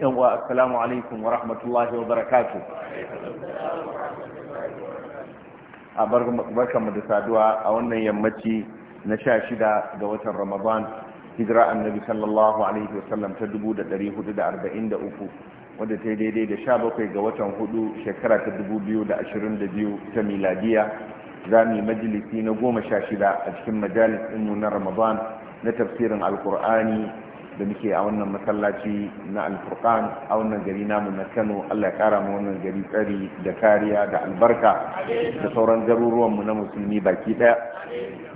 yanwa assalamu alaikum wa rahmatullahi wa barakatu a barkanmu da saduwa a wannan yammaci na sha shida ga watan ramadan hijira annabi sallallahu alaihi wasallam ta 443 wadda ta yi daidai da sha bakwai ga watan hudu shekara ta 2022 ta miladiya za mu yi majalisi na goma sha shida a cikin majalis ɗinmu na ramadan na tafsirin alkur'ani da muke a wannan masallaci na alfurkan a wannan gari namu na kano allah ya kara ma wannan gari tsari da kariya da albarka da sauran garuruwanmu na musulmi baki daya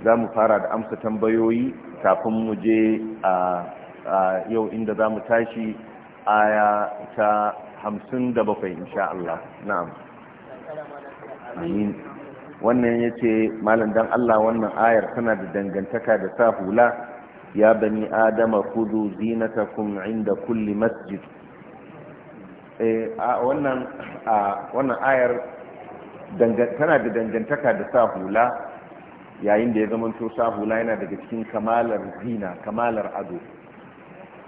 za mu fara da amsa tambayoyi kafin mu je a yau inda za mu tashi aya ta hamsin da bakwai insha allah na'am amin wannan ya ce malam dan allah wannan ayar tana da dangantaka da sa hula يا بني آدم خذوا زينتكم عند كل مسجد wannan ayar tana da dangantaka da sa hula yayin da ya zamanto sa hula yana daga cikin kamalar zina kamalar ado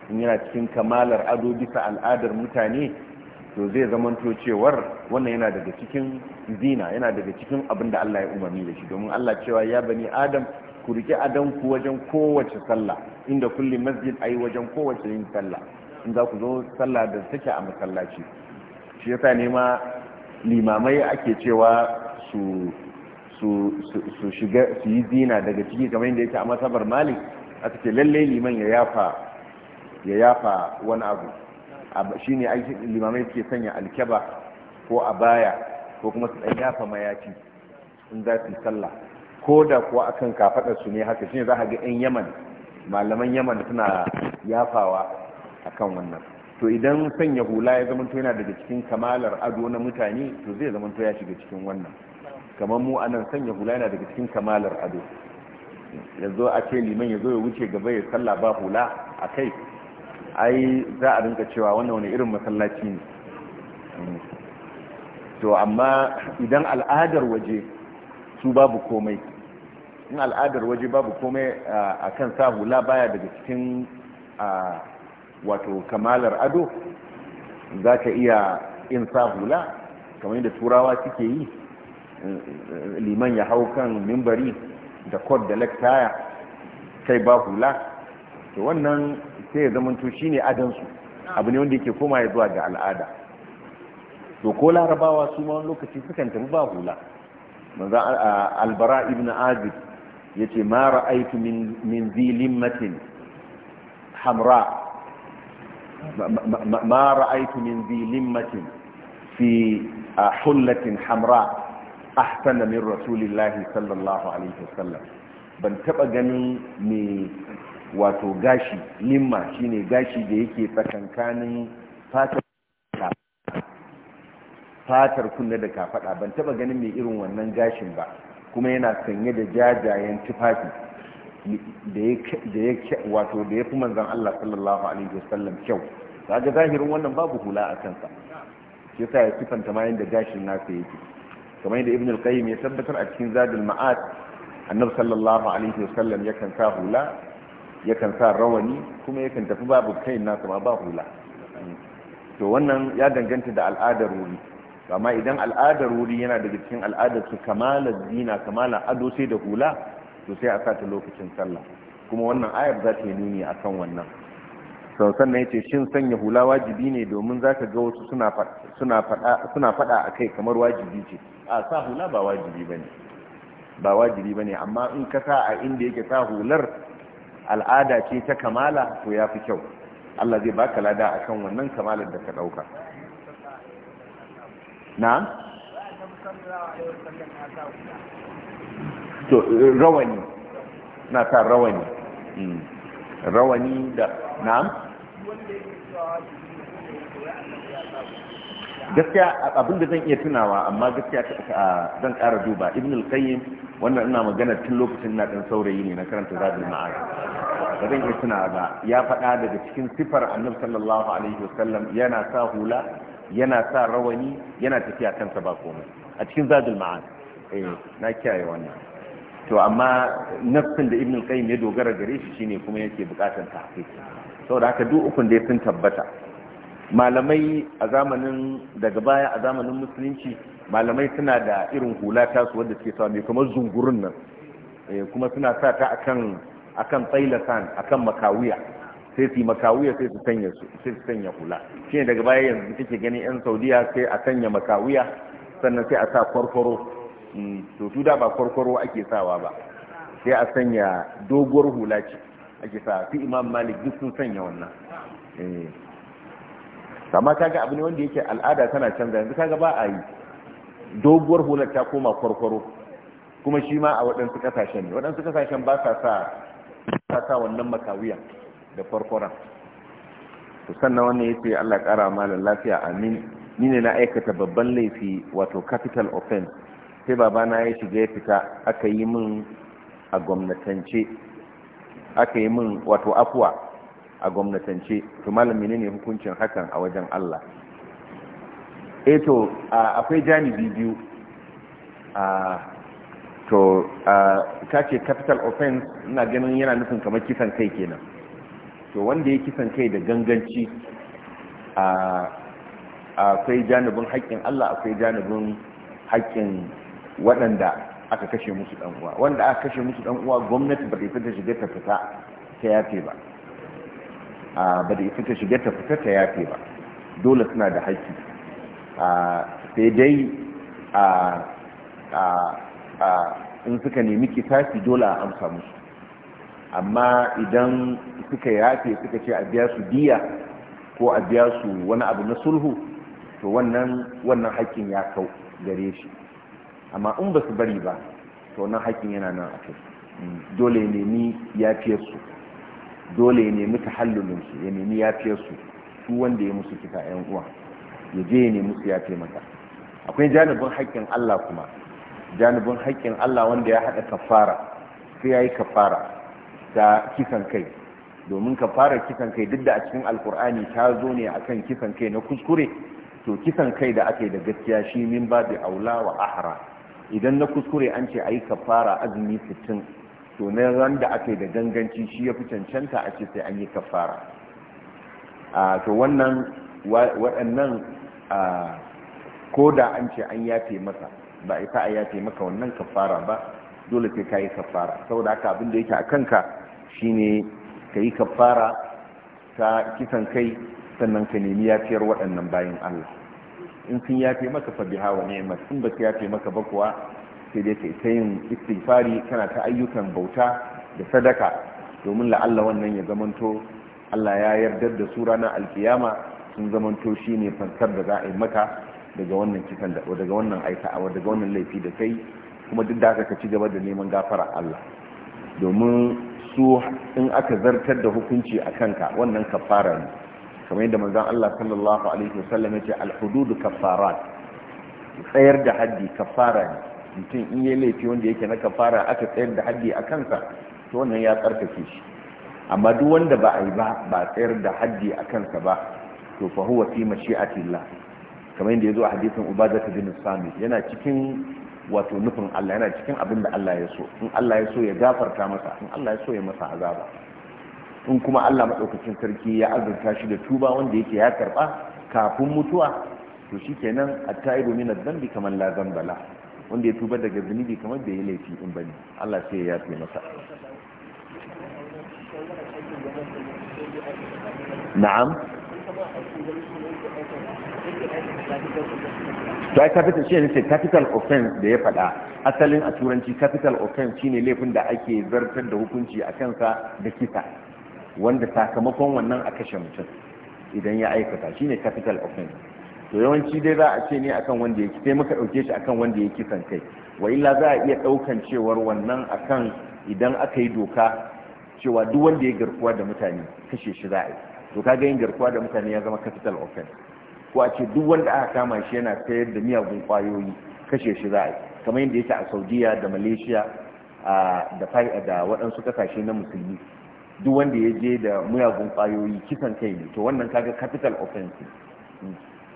in yana cikin kamalar ado bisa al'adar mutane to zai zamanto cewar wannan yana daga cikin zina yana daga cikin abin da Allah ya umarni da shi domin Allah cewa ya bani adam ku rike adam ku wajen kowace sallah inda kulli masjid ayi wajen kowace yin sallah in za ku zo sallah da take a masallaci shi yasa ne ma limamai ake cewa su su su shiga su yi zina daga ciki kamar yadda yake a masabar malik a ce lalle liman ya yafa ya yafa wani abu shine limamai ke sanya alkeba ko a baya ko kuma su ɗan yafa mayaki in za su yi sallah ko da kuwa akan kafaɗar su ne haka shine za a ga yan yaman malaman yaman suna yafawa akan wannan to idan sanya hula ya zama yana daga cikin kamalar ado na mutane to zai zama ya shiga cikin wannan kamar mu a nan sanya hula yana daga cikin kamalar ado yanzu a ce liman ya zo ya wuce gaba ya sallah ba hula a kai ai za a rinka cewa wannan wani irin masallaci ne to amma idan al'adar waje su babu komai in al'adar waje babu komai a kan sa hula baya daga cikin wato kamalar ado za ka iya in sa hula kamar yadda turawa suke yi liman ya hau kan mimbari da kod da lektaya kai ba hula to wannan sai ya zamanto ne adansu abu ne wanda yake koma ya zuwa ga al'ada to ko larabawa su ma wani lokaci sukan tafi ba hula manzo albara ibn azib yace ma ra'aytu min min zilimmatin hamra ما رأيت من ذي لمة في حلة حمراء أحسن من رسول الله صلى ban taba ganin me wato gashi limma shine gashi da yake tsakankanin fatar fatar kunna da kafada ban taba ganin mai irin wannan gashin ba kuma yana sanye da jajayen tufafi da ya wato da ya fi manzan Allah sallallahu alaihi wasallam kyau kaga zahirin wannan babu hula a kansa shi yasa ya sifanta ma yanda gashin nasa yake kamar yadda ibn al-qayyim ya tabbatar a cikin zadul ma'ad annab sallallahu alaihi wasallam yakan sa hula yakan sa rawani kuma yakan tafi babu kai nasa ma ba hula to wannan ya danganta da al'adar wuri amma idan al'adar wuri yana daga cikin al'adar su kamala zina kamalar ado sai da hula to sai a sa ta lokacin sallah kuma wannan ayar za ta yi nuni akan wannan sau sannan ya ce shin sanya hula wajibi ne domin za ka ga wasu suna faɗa a kai kamar wajibi ce a sa hula ba wajibi ba ne ba wajibi ba ne amma in ka sa a inda yake sa hular al'ada ce ta kamala to ya fi kyau Allah zai baka lada a kan wannan kamalar da ka ɗauka na? to rawani na sa rawani hmm. rawani da na? gaskiya abin da zan iya tunawa amma gaskiya zan ƙara duba ibn al-qayyim wannan ina magana tun lokacin na dan saurayi ne na karanta zabil ma'ad ba zan iya tunawa ba ya faɗa daga cikin sifar annabi sallallahu alaihi wasallam yana sa hula yana sa rawani yana tafiya kansa ba komai a cikin zabil ma'ad eh na kiyaye wannan to amma nafsin da ibn al-qayyim ya dogara gare shi shine kuma yake bukatar tahqiq saboda haka duk ukun dai sun tabbata malamai a zamanin daga baya a zamanin musulunci malamai suna da irin hula tasu wadda suke sami mai zungurin nan eh, kuma suna sa ta akan akan tsailasan akan makawiya sai su makawiya sai su sanya su sai su sanya hula shi ne daga baya yanzu kake gani yan saudiya sai a sanya makawiya sannan sai a sa kwarkwaro mm, to su da ba kwarkwaro ake sawa ba sai a sanya doguwar hula ce ake sa su imam malik duk sun sanya wannan eh. amma kaga abu ne wanda yake al'ada tana canza yanzu kaga ba a yi doguwar hular ta koma kwarkwaro kuma shi ma a waɗansu ƙasashen ne waɗansu ƙasashen ba sa sa sa wannan makawiya da kwarkwaron to sannan wannan yace Allah ƙara malam lafiya amin ni ne na aikata babban laifi wato capital offense sai babana ya shiga ya fita aka yi min a gwamnatance aka yi min wato afuwa a gwamnatance to malam menene hukuncin hakan a wajen Allah eh to akwai janibi biyu to ta ce capital offense ina ganin yana nufin kamar kisan kai kenan to wanda ya kisan kai da ganganci akwai janibin haƙƙin Allah akwai janibin haƙƙin waɗanda aka kashe musu ɗan'uwa wanda aka kashe musu ɗan ɗan'uwa gwamnati ba ta fita shiga ta fita ta yafe ba ba da ita shiga ta fita ta yafe ba dole suna da haƙƙi sai dai in suka nemi kisafi dole a amsa musu amma idan suka yafe suka ce a biya su diya ko a biya su wani abu na sulhu to wannan wannan haƙƙin ya kau gare shi amma in ba su bari ba to wannan haƙƙin yana nan a kai dole ya nemi yafiyarsu dole ya nemi tahallulinsu ya nemi ya fiye su wanda ya musu kisa yan uwa ya je ya nemi su ya fiye maka akwai janibin haƙƙin Allah kuma janibin haƙƙin Allah wanda ya haɗa kafara sai ya yi kafara ta kisan kai domin kafarar kisan kai duk da a cikin alkur'ani ta zo ne a kan kisan kai na kuskure to kisan kai da aka da gaskiya shi min ba bi aula wa ahra idan na kuskure an ce a yi kafara azumi fitin. to ran da aka yi da ganganci shi ya fi cancanta a ce sai an yi kafara to wannan waɗannan ko da an ce an yafe masa ba ita a yafe maka wannan kafara ba dole sai ka yi kafara saboda haka abin da yake a kanka ne ka yi kafara ta kisan kai sannan ka nemi yafiyar waɗannan bayan Allah in sun yafe maka fa biha ne masu, in ba su yafe maka ba kuwa sai dai kai ta yin istighfari kana ta ayyukan bauta da sadaka domin la'alla wannan ya zamanto Allah ya yardar da su ranar alkiyama sun zamanto shi ne fansar da za a yi maka daga wannan kisan da daga wannan aika daga wannan laifi da kai kuma duk da aka ka ci gaba da neman gafara Allah domin su in aka zartar da hukunci a kanka wannan kafara ne kamar yadda manzon Allah sallallahu alaihi wasallam ya ce al-hudud kaffarat tsayar da haddi kafara ne mutum in yi laifi wanda yake na kafara aka tsayar da haddi a kansa to wannan ya tsarkake shi amma duk wanda ba a yi ba ba tsayar da haddi a kansa ba to fa huwa fi mashi'atillah kamar yadda yazo a hadisin ubadatu bin sami yana cikin wato nufin Allah yana cikin abin da Allah ya so in Allah ya so ya gafarta masa in Allah ya so ya masa azaba in kuma Allah madaukakin sarki ya azurta shi da tuba wanda yake ya karba kafin mutuwa to shikenan at-taibu min adh-dhanbi kaman la dhanba wanda ya tuba daga zunubi kamar da ya laifi in bane Allah sai ya yafe masa na'am ta capital shi ne capital offense da ya faɗa asalin a turanci capital offense shine laifin da ake zartar da hukunci a kansa da kisa wanda sakamakon wannan a kashe mutum idan ya aikata shine capital offense to yawanci dai za a ce ne akan wanda yake sai muka dauke shi akan wanda yake kisan kai wa illa za a iya daukan cewar wannan akan idan aka yi doka cewa duk wanda ya garkuwa da mutane kashe shi za a yi to kaga yin garkuwa da mutane ya zama capital offense ko a ce duk wanda aka kama shi yana sayar da miyagun kwayoyi kashe shi za a yi kamar yadda yake a saudiya da malaysia da waɗansu kasashe na musulmi duk wanda ya je da miyagun kwayoyi kisan kai ne to wannan kaga capital offense hmm.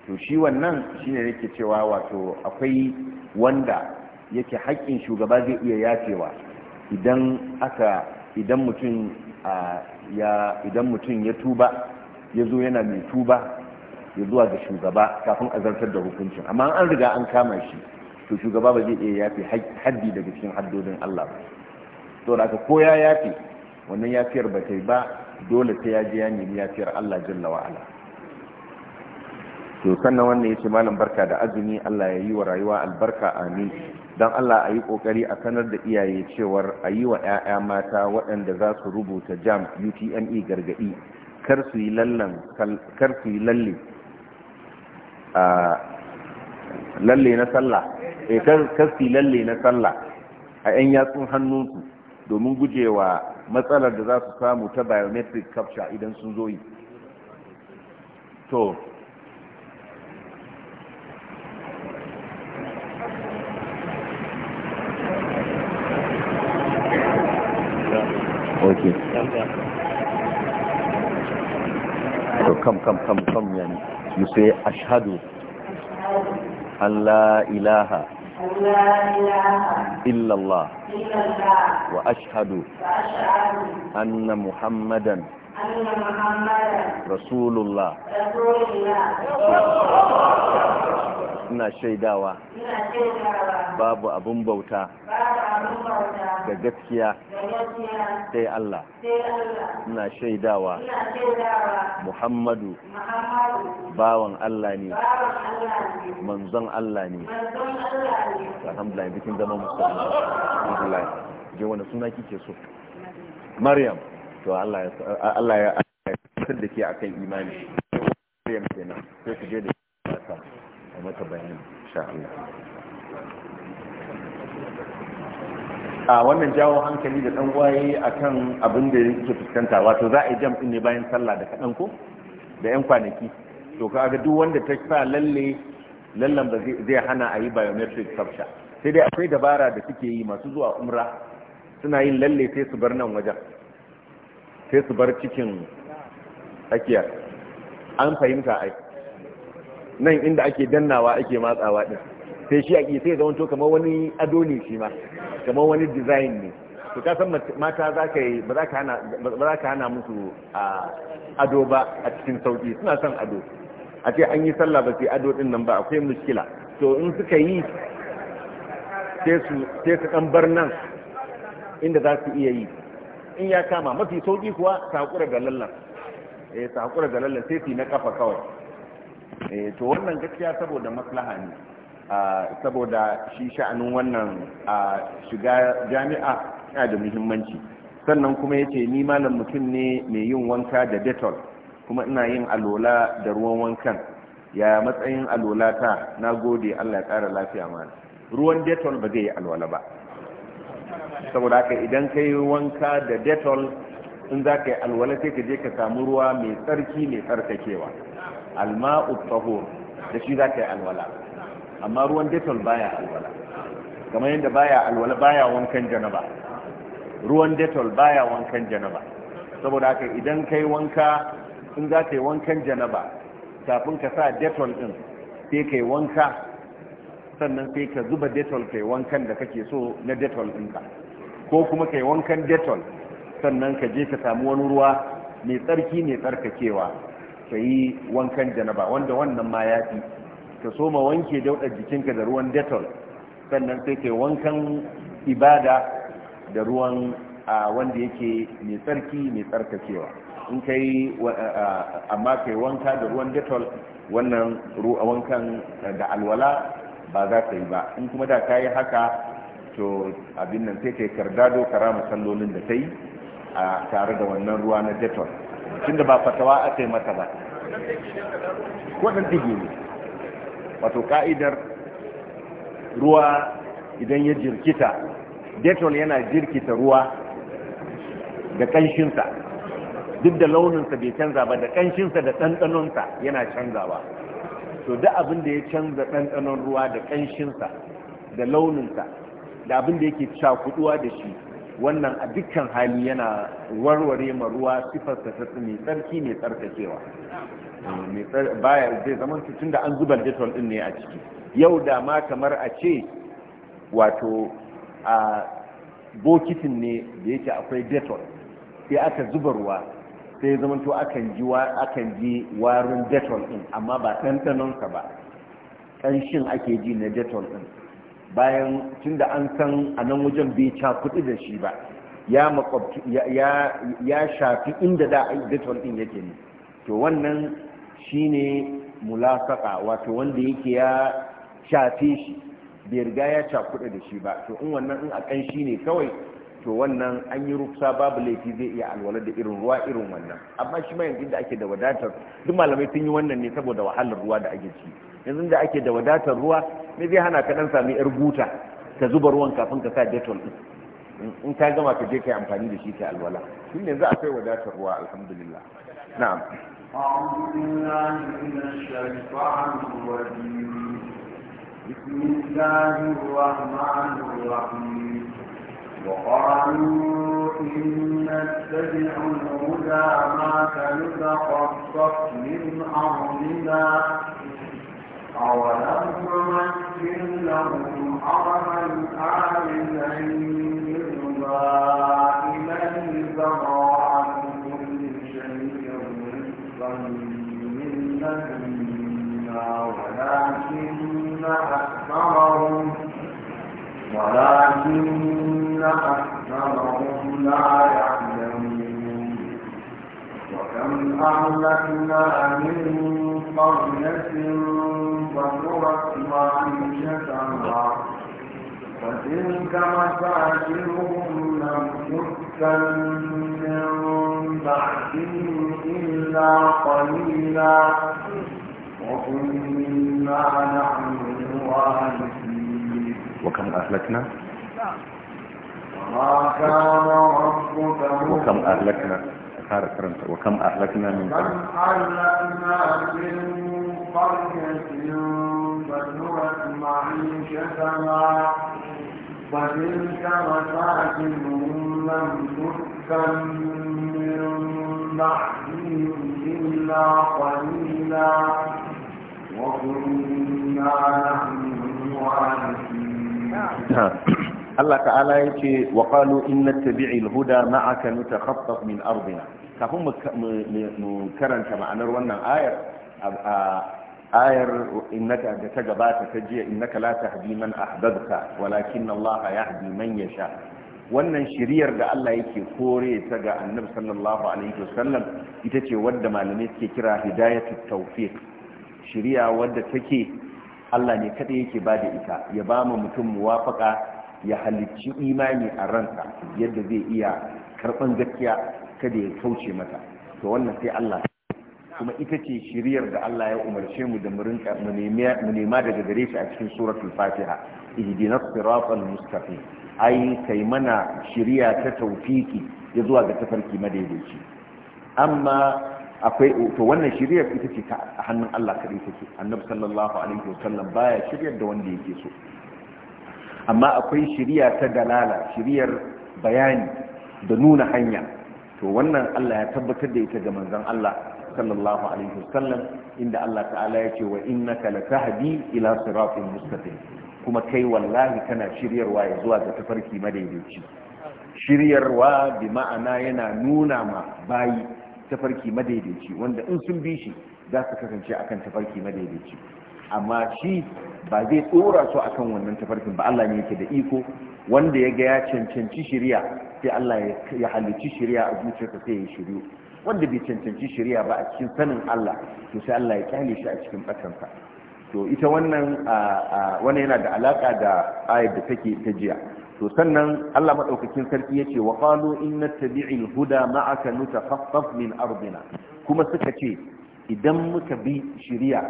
to shi wannan shine yake cewa wato akwai wanda yake haƙƙin shugaba zai iya yafewa idan aka idan mutum ya idan mutum ya tuba ya zo yana mai tuba ya zuwa ga shugaba kafin a zartar da hukuncin amma an riga an kama shi to shugaba ba zai iya yafe haddi daga cikin haddodin Allah ba to da ko ya yafe wannan yafiyar ba ta ba dole ta ya je ya nemi yafiyar Allah jalla wa ala to sannan wannan yace malam barka da azumi Allah ya yi wa rayuwa albarka amin dan Allah a yi kokari a sanar da iyaye cewar a wa 'ya'ya mata waɗanda za su rubuta jam UTME gargadi kar su yi lallan kar su yi lalle a lalle na sallah eh kar kar su yi lalle na sallah a ƴan yatsun hannunsu domin gujewa matsalar da za su samu ta biometric capture idan sun zo yi to ok to kam kam kam kam yani you say ashhadu an la ilaha إلا الله وأشهد أن محمدا رسول الله ina shaidawa babu abin bauta da gaskiya sai Allah ina shaidawa Muhammadu bawan Allah ne manzon Allah ne alhamdulillah bikin zama musulmi alhamdulillah je wani suna kike so Maryam to Allah ya da ke akan imani Maryam kenan sai ku je da a mata sha'ala a wannan jawo hankali da dan waye akan abin da yake fuskanta wato za a yi jam ɗin ne bayan sallah da kaɗan ko da yan kwanaki to ga duk wanda ta sa lalle lallan ba zai hana a yi biometric capture sai dai akwai dabara da suke yi masu zuwa umra suna yin lalle sai su bar nan wajen sai su bar cikin tsakiyar an fahimta ai nan inda ake dannawa ake matsawa din sai shi ake sai zamanto kamar wani ado ne shi ma kamar wani design ne to ka san mata za ka yi ba za ka hana musu ado ba a cikin sauki suna son ado a ce an yi sallah ba sai ado din nan ba akwai muskila to in suka yi sai su ɗan bar nan inda za su iya yi in ya kama mafi sauƙi kuwa sakura ga lallan eh sakura ga lallan sai su yi na kafa kawai eh to wannan gaskiya saboda maslaha ne ah, saboda shi sha'anin wannan ah, shiga jami'a yana da muhimmanci sannan kuma ya ce ni malam mutum ne mai yin wanka da detol kuma ina yin alola da ruwan wankan ya matsayin alola ta na gode allah ya ƙara lafiya mana ruwan detol ba zai yi alwala ba saboda haka idan ka yi wanka da detol in za ka yi alwala sai ka je ka samu ruwa mai tsarki mai tsarkakewa alma'u tahur da shi za ka yi alwala amma ruwan detol baya alwala kamar yadda baya alwala baya wankan janaba ruwan detol baya wankan janaba saboda haka idan kai wanka in za ka yi wankan janaba kafin ka sa detol din sai ka yi wanka sannan sai ka zuba detol ka yi wankan da kake so na detol ɗinka ko kuma ka yi wankan detol sannan ka je ka samu wani ruwa mai tsarki mai tsarkakewa ka yi wankan janaba wanda wannan ma ya fi ka soma wanke daudar jikinka da ruwan detol sannan sai ka wankan ibada da ruwan wanda yake mai tsarki mai tsarkakewa in ka yi amma ka yi wanka da ruwan detol wannan wankan da alwala ba za ka yi ba in kuma da ka yi haka to abin nan sai ka yi kardado kara masallolin da ta yi tare da wannan ruwa na detol tunda ba fatawa aka yi mata ba waɗanda ne wato ka'idar ruwa idan ya jirkita detol yana jirkita ruwa da ƙanshinsa duk da launinsa bai canza ba da ƙanshinsa da ɗanɗanonsa yana canzawa to duk abin da ya canza ɗanɗanon ruwa da ƙanshinsa da launinsa da abin da yake cakuduwa da shi wannan a dukkan hali yana warware ma ruwa sifar ta mai tsarki mai tsarkakewa eh, baya zai zama tun da an zuba detol din ne a ciki yau da ma kamar a ce wato a bokitin ne da yake akwai detol sai aka zuba ruwa sai zamanto akan ji akan ji warin detol din amma ba ɗanɗanonsa ba ƙanshin ake ji na detol din bayan tunda an san a nan wajen bai cakudu da shi ba ya makwabci ya shafi inda da a aidatul din yake ne to wannan shine mulasaka wato wanda yake ya shafe shi bai riga ya cakuɗa da shi ba to in wannan in a kan shi ne kawai to wannan an yi rufsa babu laifi zai iya alwala da irin ruwa irin wannan amma shi ma yanzu da ake da wadatar duk malamai sun yi wannan ne saboda wahalar ruwa da ake ci yanzu da ake da wadatar ruwa me zai hana ka dan sami yar guta ka zuba ruwan kafin ka sa detol din in ka gama ka je kai amfani da shi kai alwala shin yanzu akwai wadatar ruwa alhamdulillah na'am أعوذ بالله من الشيطان الرجيم بسم الله الرحمن الرحيم وقالوا إن نتبع الهدى معك نتخطف من أرضنا أولم نمكن لهم حرما آمنا يرضى إليه براءة كل شيء رزقا من لدنا ولكن أكثرهم لا يعلمون وكم أهلكنا من قرية فتلك لم تسكن من بعدهم إلا قليلا وكنا نحن الوارثين وكم أهلكنا؟ وما كان ربك وكم أهلكنا؟ وكم أهلكنا من قبل كم أهلكنا من قرية بدرت معيشتنا فتلك مساكنهم لم تسكن إلا قليلا وكنا نحن الوارثين نعم. Allah ta'ala ya ce wa qalu inna tabi'il huda ma'aka min ardina kafin mu karanta ma'anar wannan ayar ayar innaka da ta gabata ta jiya innaka la tahdi man ahbabta walakin Allah yahdi man yasha wannan shiriyar da Allah yake kore ta ga Annabi sallallahu alaihi wasallam ita ce wadda malamai suke kira hidayatu tawfiq shiriya wadda take Allah ne kada yake ba da ita ya ba mu mutum muwafaka ya halicci imani a ransa yadda zai iya karban gaskiya kada ya kauce mata to wannan sai Allah kuma ita ce shiriyar da Allah ya umarce mu da murinka mu nema daga gare shi a cikin suratul fatiha ihdinas siratal mustaqim ai kai mana shiriya ta tawfiki ya zuwa ga tafarki madaidaici amma akwai to wannan shiriyar ita ce a hannun Allah kadai take annabi sallallahu alaihi wasallam baya shiryar da wanda yake so amma akwai shiriya ta dalala shiriyar bayani da nuna hanya to wannan Allah ya tabbatar da ita ga manzon Allah sallallahu alaihi wasallam inda Allah ta'ala ya ce wa innaka latahdi ila siratin mustaqim kuma kai wallahi kana shiryarwa ya zuwa ga tafarki madaidaici shiryarwa bi ma'ana yana nuna ma bayi tafarki madaidaici wanda in sun bi shi za su kasance akan tafarki madaidaici amma shi ba zai tsora su akan wannan tafarkin ba Allah ne yake da iko wanda ya ga ya cancanci shari'a sai Allah ya halicci shari'a a zuciyarsa sai ya shiryu wanda bai cancanci shari'a ba a cikin sanin Allah to sai Allah ya kyale shi a cikin bakansa to ita wannan wannan yana da alaka da ayat da take ta jiya to sannan Allah madaukakin sarki yace wa qalu inna tabi'il huda ma'aka nutakhaffaf min ardina kuma suka ce idan muka bi shari'a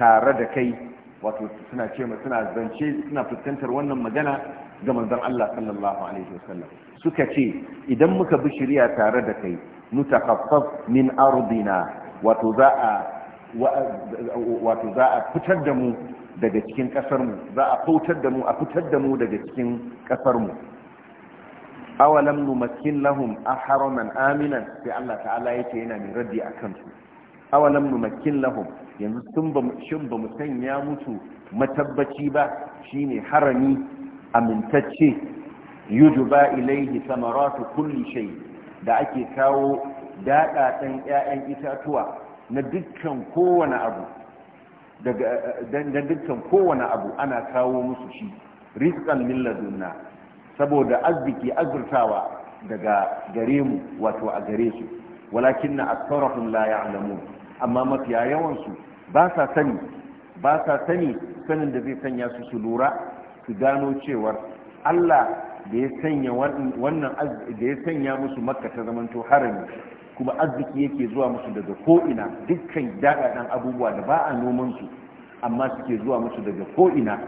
tare da kai wato suna ce suna zance suna fuskantar wannan magana ga manzon Allah sallallahu alaihi wasallam suka ce idan muka bi shari'a tare da kai mutakhaffaf min ardina wato za a wato za a fitar da mu daga cikin kasar mu za a fitar da mu a fitar da mu daga cikin kasar mu awalam numakkin lahum ahraman aminan sai Allah ta'ala yake yana mai raddi akan su awalam numakkin lahum yanzu tun ba mu sanya mutu matabbaci ba shine harami amintacce ba ilaihi samaratu kulli shay da ake kawo daɗaɗen ƴaƴan itatuwa na dukkan kowane abu daga eh, dukkan kowane abu ana kawo musu shi rizqan min ladunna saboda arziki azurtawa daga gare mu wato a gare su walakinna aktharuhum la ya'lamun amma mafiya yawansu ba sa sani ba sa sani sanin da zai sanya su su lura su gano cewar Allah da ya sanya wannan da ya sanya musu makka ta zamanto harami kuma arziki yake zuwa musu daga ko'ina dukkan dadadan abubuwa da ba a nomansu amma suke zuwa musu daga ko'ina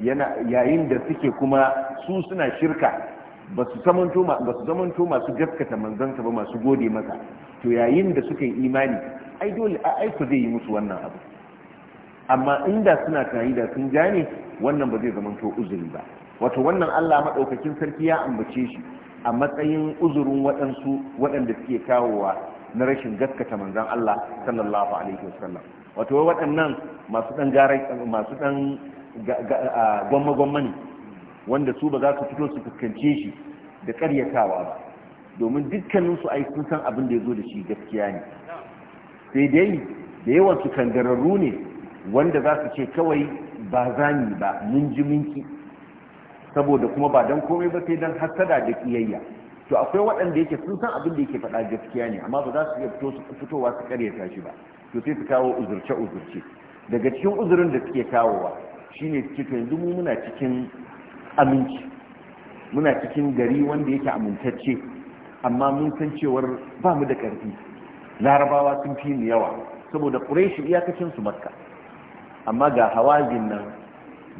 yayin da suke kuma su suna shirka ba su zamanto masu gaskata manzansa ba masu gode masa to yayin da suka yi imani ai dole a aiko zai yi musu wannan abu amma inda suna tunani da sun gane wannan ba zai zama to uzuri ba wato wannan Allah madaukakin sarki ya ambace shi a matsayin uzurin waɗansu waɗanda suke kawowa na rashin gaskata manzon Allah sallallahu alaihi wasallam wato waɗannan masu dan garai masu dan gwamma gwamma ne wanda su ba za su fito su fuskance shi da ƙaryatawa ba domin dukkaninsu ai sun san abin da ya zo da shi gaskiya ne sai dai da yawan su kangararru ne wanda za su ce kawai ba zani ba mun ji minki saboda kuma ba don komai ba sai don hasada da kiyayya to akwai waɗanda yake sun san abin da yake faɗa gaskiya ne amma ba za su iya fitowa su ta shi ba to sai su kawo uzurce uzurce daga cikin uzurin da suke kawowa shine suke to yanzu mu muna cikin aminci muna cikin gari wanda yake amintacce amma mun san cewar ba mu da ƙarfi larabawa sun fi mu yawa saboda ƙureshi iyakacin su makka amma ga hawazin nan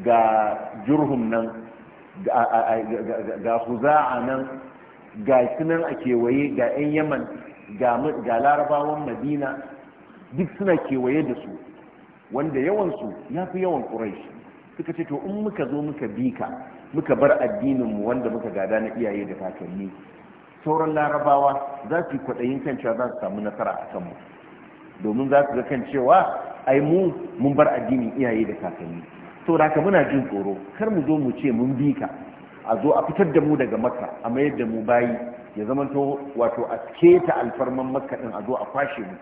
ga jurhum nan ga huza'a nan ga sunan a kewaye ga 'yan yaman ga larabawan madina duk suna kewaye da su wanda yawansu ya fi yawan ƙuraishi suka ce to in muka zo muka bi ka muka bar addininmu wanda muka gada na iyaye da kakanni sauran larabawa za su yi kwaɗayin kan cewa za su samu nasara a kanmu domin za su ga kan cewa ai mu mun bar addinin iyaye da kakanni to da ka muna jin tsoro kar mu zo mu ce mun bi ka a zo a fitar da mu daga makka a mayar da mu bayi ya zamanto wato a keta alfarman makka din a zo a kwashe mu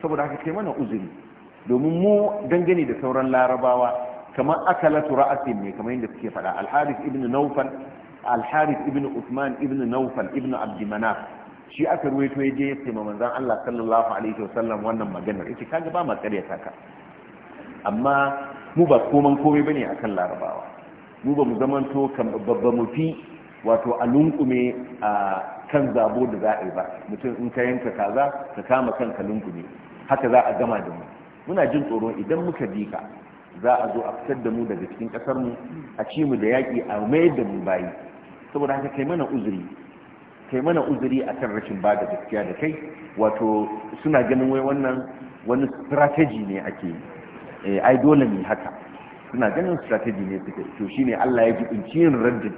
saboda haka kai mana uzuri domin mu dangane da sauran larabawa kamar akalatu ra'asin ne kamar yadda suke faɗa alhadis ibn naufal Alharif ibn Usman, ibn naufal ibn abd shi aka ruwaito ya je ya ce manzon Allah sallallahu alaihi wasallam wannan maganar yace kaga ba ma karyata ka amma mu ba koman komai bane akan larabawa mu ba mu to kan babba mu wato a lunkume a kan zabo da za a yi ba mutum in ka yanka kaza ka kama kanka lunkume haka za a gama da mu muna jin tsoron idan muka dika, za a zo a fitar da mu daga cikin kasar mu a ci mu da yaƙi a mayar da mu bayi saboda haka kai mana uzuri kai mana uzuri kan rashin ba da gaskiya da kai wato suna ganin wai wannan wani strategy ne ake yi eh, ai dole ne haka suna ganin strategy ne suke to shine Allah ya jibinci yin raddin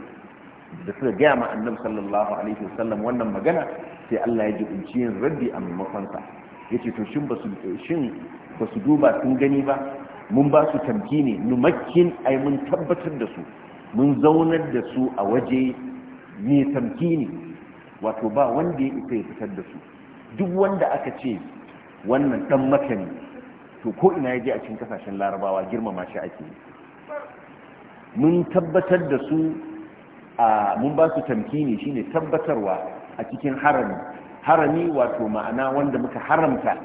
da suka gaya ma annab sallallahu alaihi wasallam wannan magana sai Allah ya jibinci yin raddi a maimakon sa yace to shin basu shin basu duba sun gani ba mun ba su tamkini numakkin ai mun tabbatar da su mun zaunar da su a waje mai tamkini wato ba wanda ya isa ya fitar da su duk wanda aka ce wannan dan makani to ko ina ya je a cikin kasashen larabawa girmama shi ake mun tabbatar da su a mun ba su tamkini shine tabbatarwa a cikin harami harami wato ma'ana wanda muka haramta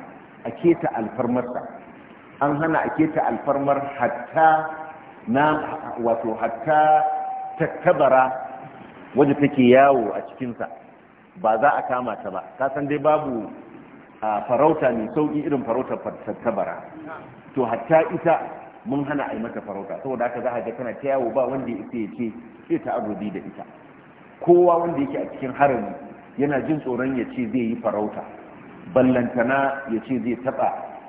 a keta alfarmarsa an hana a keta alfarmar hatta na wato hatta tattabara wadda take yawo a cikinsa ba za a kama ta ba kasan dai babu farauta mai sauƙi irin farautar tattabara to hatta ita mun hana a yi mata farauta saboda haka za a ga tana ta yawo ba wanda ya ce ce ta agobi da ita kowa wanda yake a cikin harami yana jin tsoron ya ce zai yi farauta ballantana ya ce zai taɓa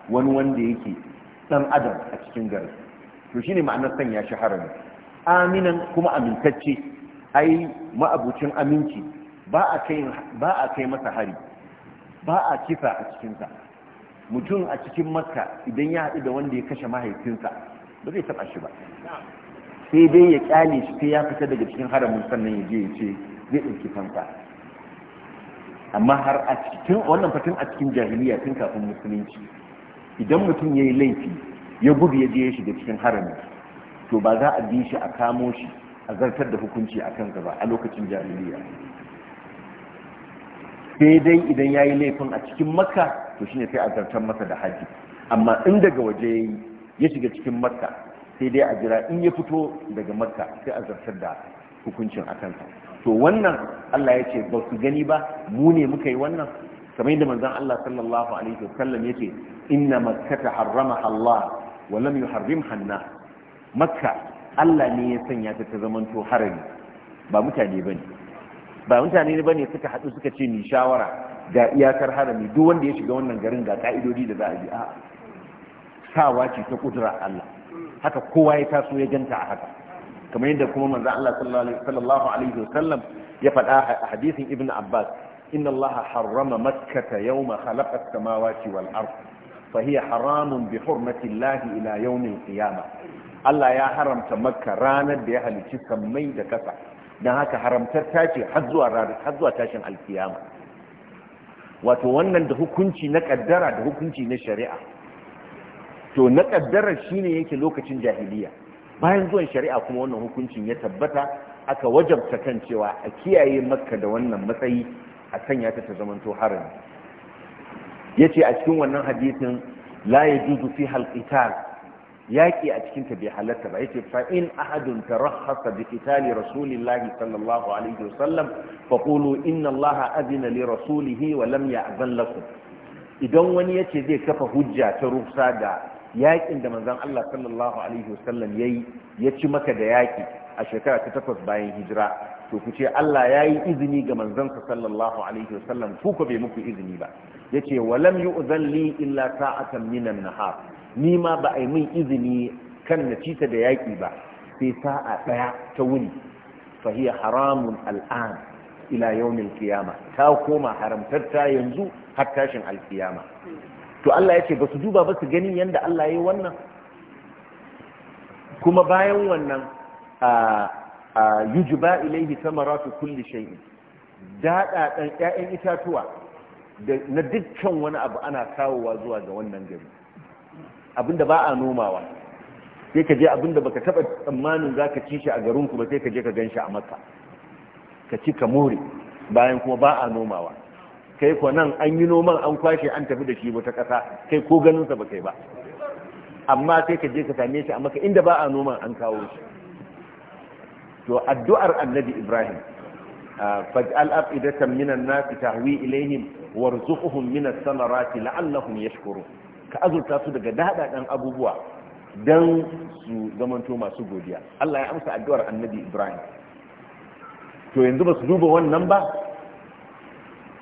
wani wanda yake ɗan adam a cikin gari to shine ma'anar sanya shi harami aminan kuma amintacce ai ma'abucin aminci ba a kai masa hari ba a kisa a cikinsa mutum a cikin makka idan ya haɗu da wanda ya kashe mahaifinsa ba zai taɓa shi ba sai dai ya kyale shi sai ya fita daga cikin haramun sannan ya je ya ce zai ɗauki fansa amma har a cikin wannan fatin a cikin jahiliya tun kafin musulunci idan mutum ya yi laifi ya gudu ya je ya shiga cikin harami to ba za a bi shi a kamo shi a zartar da hukunci a kansa ba a lokacin jahiliya sai dai idan ya yi laifin a cikin makka to shine sai a zartar masa da haji amma in daga waje ya shiga cikin makka sai dai a jira in ya fito daga makka sai a zartar da hukuncin a kansa to wannan Allah ya ce ba su gani ba mu ne muka yi wannan kamar yadda manzon Allah sallallahu alaihi wasallam yake inna ta harrama Allah walam yuharrim hanna makka Allah ne ya sanya ta ta zamanto harami ba mutane bane ba mutane ne suka ce ni shawara ga iyakar harami duk wanda ya shiga wannan garin ga ka'idodi da za a bi a'a sawa ce ta kudura Allah haka kowa ya taso ya ganta a haka kamar yadda kuma manzo Allah sallallahu alaihi wasallam ya faɗa a hadisin Ibn Abbas inna Allah harrama makkata yauma khalaqa as-samawati wal ardh fahiya haramun bi hurmatillahi ila yawmin qiyama Allah ya haramta makka ranar da ya halicci sammai da ƙasa, don haka haramtar ta har zuwa ranar har zuwa alkiyama wato wannan da hukunci na kaddara da hukunci na shari'a to na kaddara shine yake lokacin jahiliya bayan zuwan shari'a kuma wannan hukuncin ya tabbata aka wajabta kan cewa a kiyaye makka da wannan matsayi a sanya ta ta zamanto harami yace a cikin wannan hadisin la ya juzu fi halittar yaƙi a cikin ta bai halatta ba yace fa in ahadun tarahhasa bi qitali rasulillahi sallallahu alaihi wasallam fa qulu inna allaha li rasulihi wa lam ya'zan lakum idan wani yace zai kafa hujja ta rufsa da yaƙin da manzon Allah sallallahu alaihi wasallam yayi ya ci maka da yaƙi a shekara ta takwas bayan hijira to ku ce Allah ya yi izini ga manzansa sallallahu alaihi wasallam ku ko bai muku izini ba ya ce walam yi uzalli illa sa'atan minan nahar ni ma ba a yi min izini kan na cita da yaƙi ba sai sa'a ɗaya ta wuni fahiya haramun al'an ila yawmin kiyama ta koma haramtatta yanzu har tashin alkiyama to Allah ya ce ba su duba ba su gani yanda Allah ya yi wannan kuma bayan wannan yujba ilaihi samaratu kulli shay'in dada dan ƴaƴan itatuwa na dukkan wani abu ana kawowa zuwa ga wannan gari abinda ba a nomawa sai ka je abinda baka taba tsammanin zaka ci shi a garin ku ba sai ka je ka ganshi a makka ka ci ka more bayan kuma ba a nomawa kai ko nan an yi noman an kwashe an tafi da shi wata kasa kai ko ganin sa ba kai ba amma sai ka je ka same shi a maka inda ba a noman an kawo shi to addu'ar annabi ibrahim ah, faj'al afidatan minan nas tahwi ilaihim warzuquhum rafi la, samarati la'allahum yashkuru ka azurta su daga dadadan abubuwa dan su zamanto masu godiya Allah ya amsa addu'ar annabi ibrahim to yanzu ba su duba wannan ba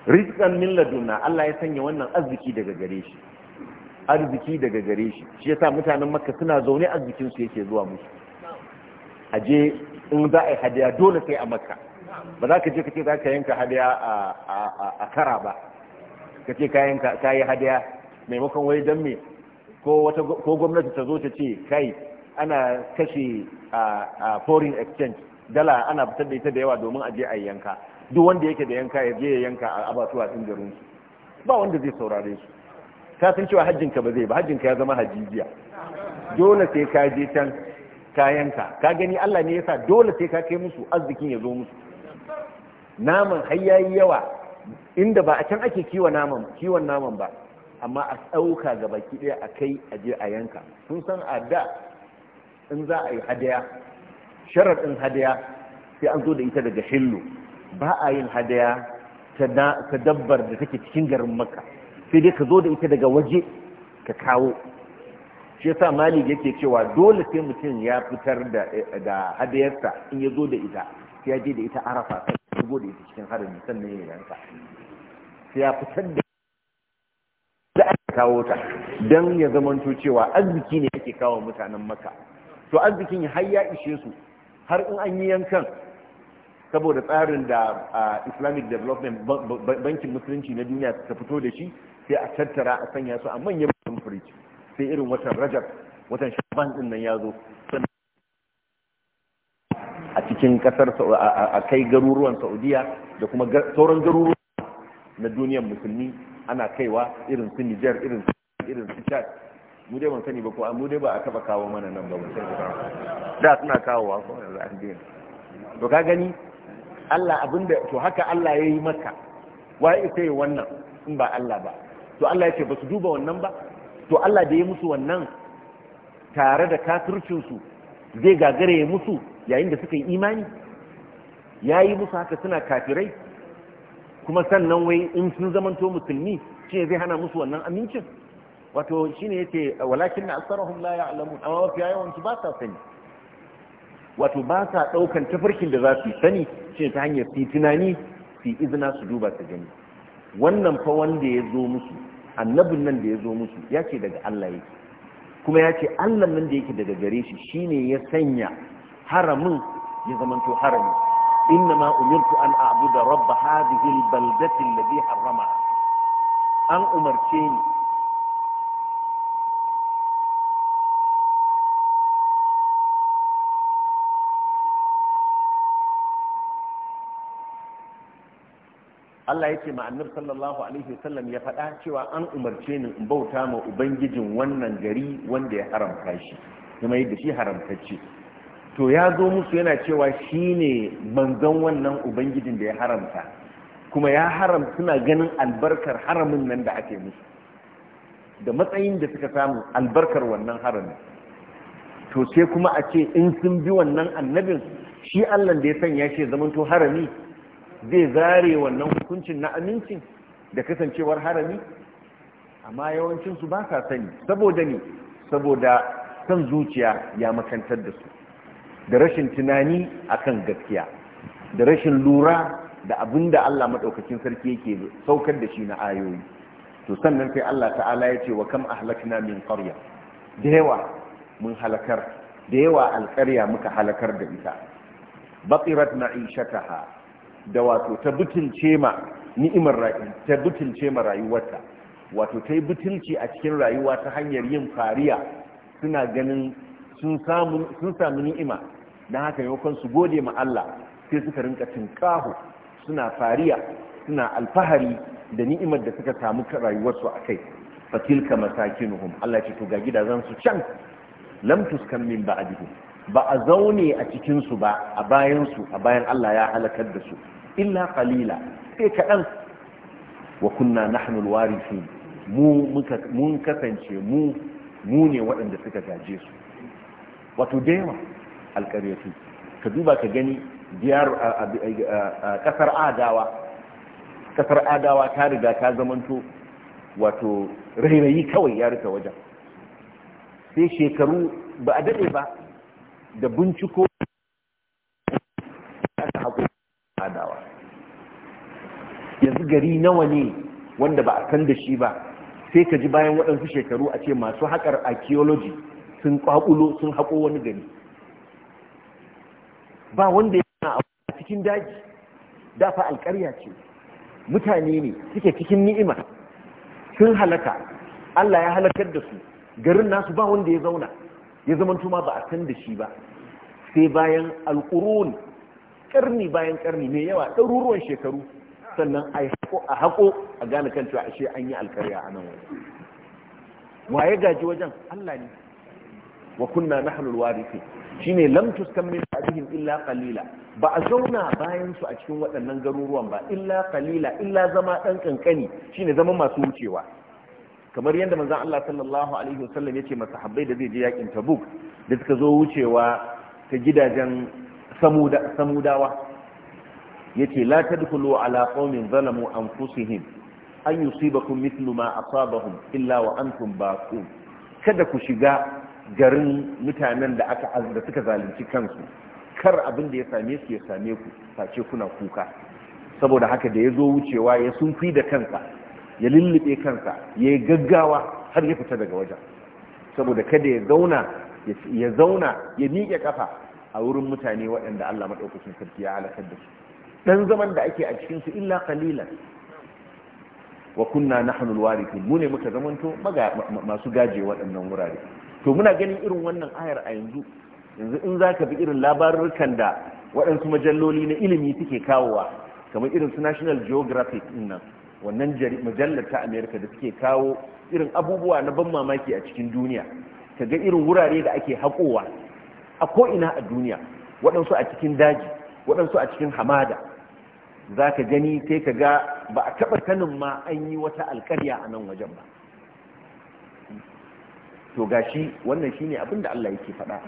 rizqan min laduna Allah ya sanya wannan arziki daga gare shi arziki daga gare shi shi yasa mutanen makka suna zaune arzikin su yake zuwa musu Aje in za a yi hadiya dole sai a makka ba za ka je ka ce za ka yanka hadiya a kara ba ka ce ka yi hadiya maimakon wai dan me ko gwamnati ta zo ta ce kai ana kashe a foreign exchange dala ana fitar da ita da yawa domin a je a yanka duk wanda yake da yanka ya je ya yanka a abatuwa sun garin su ba wanda zai saurare su ka san cewa hajjinka ba zai ba hajjinka ya zama hajijiya dole sai ka je can kayanka ka gani Allah ne yasa dole sai ka kai musu arzikin ya zo musu naman har yayi yawa inda ba a can ake kiwon naman kiwon naman ba amma a tsauka ga baki ɗaya a kai a je a yanka sun san a da in za a yi hadaya sharaɗin hadaya sai an zo da ita daga hillu ba a yin hadaya ta dabbar da take cikin garin makka sai dai ka zo da ita daga waje ka kawo shi yasa malik yake cewa dole sai mutum ya fitar da da hadayarsa in ya zo da ita sai ya je da ita arafa sai ya zo da ita cikin harin sannan ya yanka sai ya fitar da da aka kawo ta dan ya zamanto cewa arziki ne yake kawo mutanen maka to arzikin har ya ishe su har in an yi yankan saboda tsarin da islamic development bankin musulunci na duniya ta fito da shi sai a tattara a sanya su a manyan firiji sai irin watan rajab watan shaban din nan ya zo a cikin kasar a kai garuruwan saudiya da kuma sauran garuruwan na duniyar musulmi ana kaiwa irin su nijar irin su irin su chad mu dai ban sani ba ko mu dai ba a taba kawo mana nan ba mu sai ba da suna kawo wa ko yanzu an dena to ka gani Allah abinda to haka Allah yayi maka wai sai wannan in ba Allah ba to Allah yake ba su duba wannan ba to Allah da ya musu wannan tare da kafircinsu zai gagara ya musu yayin da suka yi imani ya yi musu haka suna kafirai kuma sannan wai in sun zamanto musulmi shi zai hana musu wannan amincin wato shi ya ce, walakin na asarahum la ya'lamun amma wafi yawanci ba sa sani wato ba sa daukan tafarkin da za su sani shi ta hanyar su tunani su izina su duba su gani wannan fa wanda ya zo musu annabin nan da ya zo musu ya ce daga Allah yake kuma ya ce Allah nan da yake daga gare shi shi ne ya sanya haramin ya zamanto harami inna ma umirtu an a'budu rabb hadhihi albaldati alladhi harrama an umarce ni Allah ya ce ma annab sallallahu alaihi wasallam ya faɗa cewa an umarce ni in bauta ma ubangijin wannan gari wanda ya haramta shi kuma yadda shi haramtacce to ya zo musu yana cewa shi shine manzon wannan ubangijin da ya haramta kuma ya haram suna ganin albarkar haramin nan da ake musu da matsayin da suka samu albarkar wannan haramin to sai kuma a ce in sun bi wannan annabin shi Allah da ya sanya shi zaman to harami zai zare wannan hukuncin na amincin da kasancewar harami amma yawancinsu ba sa sani saboda ne saboda san zuciya ya makantar da su da rashin tunani akan gaskiya da rashin lura da abin da Allah maɗaukacin sarki yake saukar da shi na ayoyi to sannan sai Allah ta'ala ya ce wa kam ahlakna min qarya da yawa mun halakar da yawa alƙarya muka halakar da ita baƙirat ma'ishataha da wato ta butulce ma ni'imar ta butulce ma rayuwarta wato ta yi butulci a cikin rayuwa ta hanyar yin fariya suna ganin sun samu ni'ima dan haka yakan su gode ma Allah sai suka rinka tinkaho suna fariya suna alfahari da ni'imar da suka samu rayuwarsu a kai fatilka masakinuhum Allah ce to ga zan su can lam tuskan min ba'dihim ba a zaune a cikinsu ba a bayansu a bayan Allah ya halakar da su illa khalila. sai kaɗan wa kunna nahnul warisi mu mun kasance mu mu ne waɗanda suka gaje su wato da yawa alƙaryatu ka duba ka gani biyar ƙasar adawa ƙasar adawa ta riga ta zamanto wato rairayi kawai ya rika wajen sai shekaru ba a daɗe ba da binciko aka haƙo adawa yanzu gari nawa ne wanda ba a san da shi ba sai ka ji bayan waɗansu shekaru a ce masu haƙar archaeology sun ƙwaƙulo sun haƙo wani gari ba wanda yana a cikin daji dafa alƙarya ce mutane ne suke cikin ni'ima sun halaka Allah ya halakar da su garin nasu ba wanda ya zauna ya zama tuma ba a san da shi ba sai bayan alƙurun ƙarni bayan ƙarni mai yawa ɗaruruwan shekaru sannan a haƙo a gane kan cewa ashe an yi alkarya a nan wani waye gaji wajen allah ne wa kunna nahnul warithi shine lam tuskammil abihim illa qalila ba a zauna bayan su a cikin waɗannan garuruwan ba illa qalila illa zama ɗan kankani shine zaman masu wucewa kamar yadda manzan Allah sallallahu alaihi wasallam yace masahabbai da zai je yakin Tabuk da suka zo wucewa ta gidajen samudawa samudawa yace la tadkhulu ala qaumin zalamu anfusihim an yi bakun mithlu ma sabahun illa wa an ba ku. kada ku shiga garin mutanen da aka da suka zalunci kansu kar abin da ya same su ya same ku sace kuna kuka saboda haka da ya zo wucewa ya sunfi da kansa ya lullube kansa ya yi gaggawa har ya fita daga wajen saboda kada ya zauna ya zauna ya miƙe kafa a wurin mutane waɗanda Allah maɗaukacin sarki ya halakar da su dan zaman da ake a cikinsu illa qalilan wa kunna nahnu alwarithun mu ne muka zamanto masu gaje waɗannan wurare to muna ganin irin wannan ayar a yanzu yanzu in zaka bi irin labarurkan da waɗansu majalloli na ilimi suke kawowa kamar irin su National Geographic din nan wannan mujallar ta amerika da suke kawo irin abubuwa na ban mamaki a cikin duniya ka ga irin wurare da ake haƙowa a ko'ina a duniya waɗansu a cikin daji waɗansu a cikin hamada za ka gani sai ka ga ba a taɓa kanin ma an yi wata alkarya a nan wajen ba to ga shi wannan shine abin da Allah yake faɗa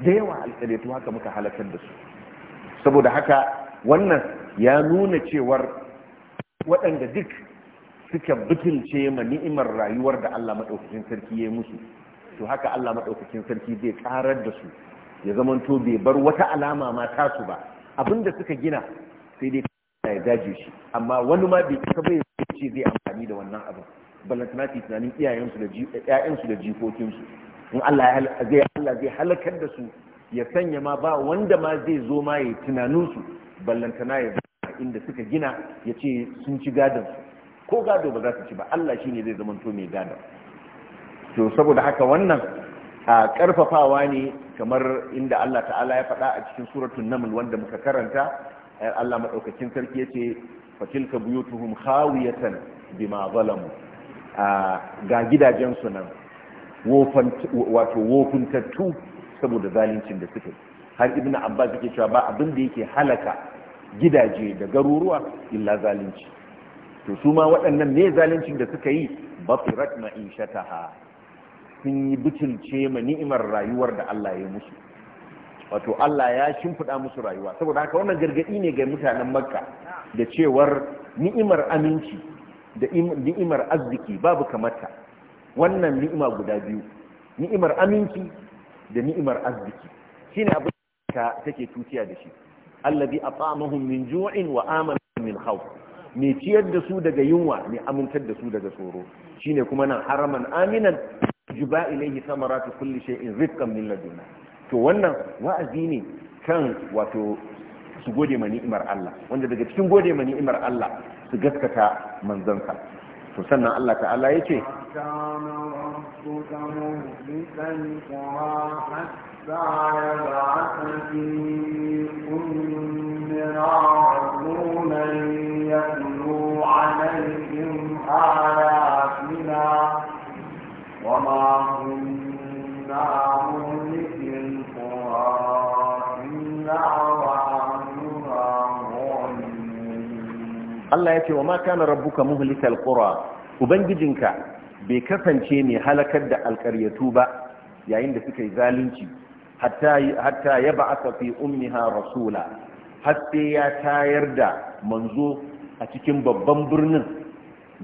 da yawa alƙaryatu haka muka halakar da su saboda haka wannan ya nuna cewar waɗanda duk suka butulce ma ni'imar rayuwar da Allah maɗaukakin sarki ya yi musu to haka Allah maɗaukakin sarki zai ƙarar da su ya zamanto bai bar wata alama ma tasu ba abinda suka gina sai dai ya daje shi amma wani ma bai kika bai ce zai amfani da wannan abin ballantana fi tunanin iyayensu da jikokinsu in Allah zai Allah zai halakar da su ya sanya ma ba wanda ma zai zo ma ya tunaninsu? su ballantana ya inda suka gina ya ce sun ci gadon ko gado ba za su ci ba Allah shi ne zai zama to mai gadon to saboda haka wannan a karfafawa ne kamar inda Allah ta'ala ya faɗa a cikin suratun naml wanda muka karanta eh, Allah maɗaukacin sarki ya ce tilka buyutuhum khawiyatan bima zalamu ga gidajen su nan wato wofuntattu saboda zalincin da suka har ibnu abbas yake cewa ba abin da yake halaka gidaje da garuruwa illa zalunci to su ma waɗannan ne zaluncin da suka yi ba batirat ma'ishataha sun yi butulce ma ni'imar rayuwar da Allah ya musu wato Allah ya shimfiɗa musu rayuwa saboda haka wannan gargaɗi ne ga mutanen makka da cewar ni'imar aminci da ni'imar arziki babu kamata wannan ni'ima guda biyu ni'imar aminci da ni'imar arziki shine abin da take tutiya da shi allazi at'amahum min ju'in wa amanahum min khawf me ciyar da su daga yunwa ne amintar da su daga tsoro shine kuma nan haraman aminan juba ilayhi samaratu kulli shay'in rizqan min ladunna to wannan wa'azi ne kan wato su gode ma ni'imar Allah wanda daga cikin gode ma ni'imar Allah su gaskata manzansa to sannan Allah ta'ala yace kana فعلى بعثتي أم رسولا يتلو عليهم آياتنا وما كنا مهلك القرى الله يتي وما كان ربك مهلك القرى وبنجدنك bai kasance mai halakar da alkaryatu ba yayin da suka yi zalunci hatta ya ba'atha fi ummiha rasula hatta ya tayar da manzo a cikin babban birnin